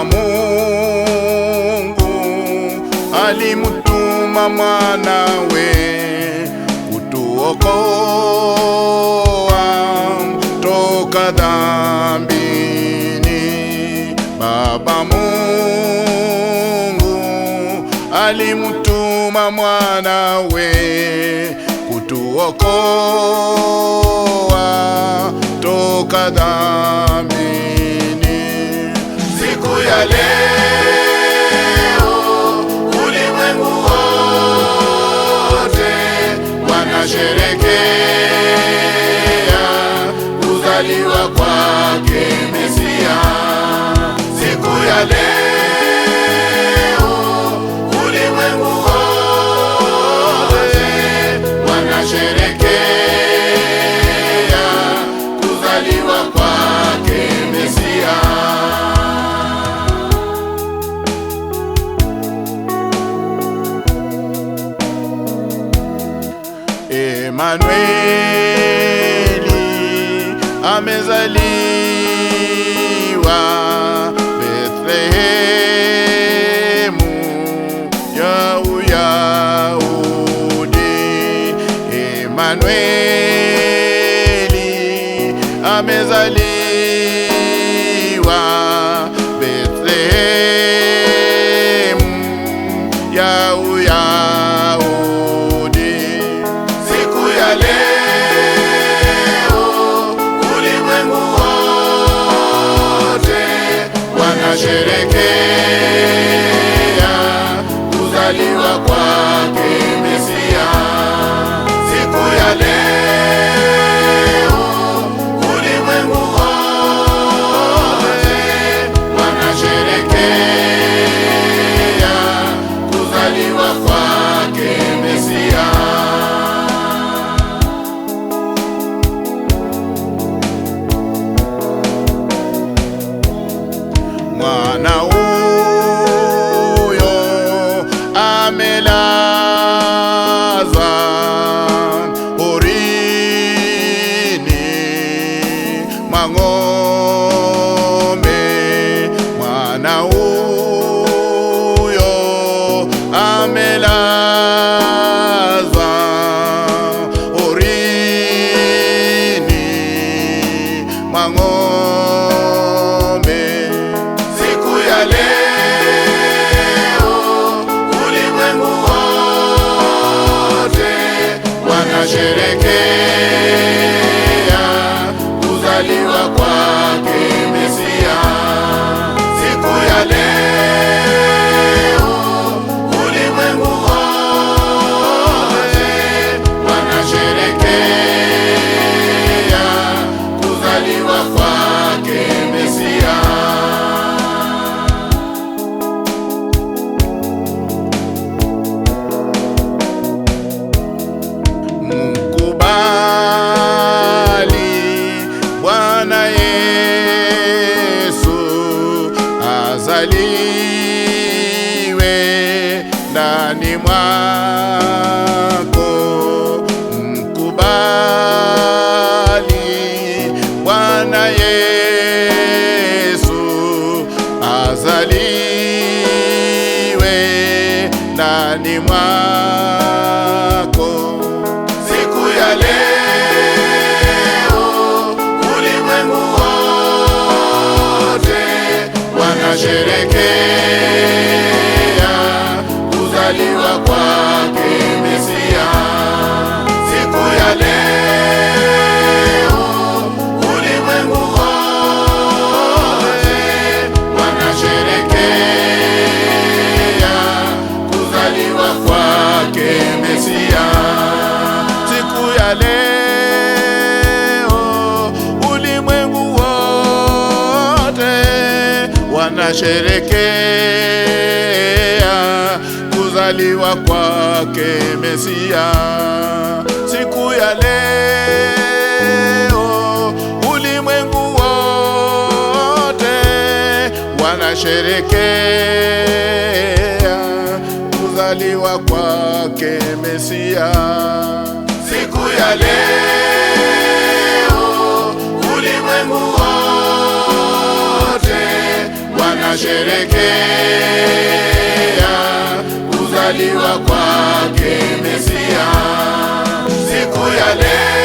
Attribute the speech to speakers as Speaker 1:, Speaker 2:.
Speaker 1: Mungu alimtuma mwanawe kutuokoa toka dhambini. Baba Mungu alimtuma mwanawe kutuokoa toka dhambi kimizia siku ya leo, ulimwengu wote wanasherekea kuzaliwa kwa kimizia. Emmanuel amezaliwa Bethlehemu ya Uyahudi Emanueli amezaliwa azaliwe ndani mwako, mkubali Bwana Yesu azaliwe ndani mwako. tunasherekea kuzaliwa kwake Mesia. Siku ya leo ulimwengu wote wanasherekea kuzaliwa kwake Mesia. Siku ya leo tunasherekea kuzaliwa kwake Mesia siku ya leo.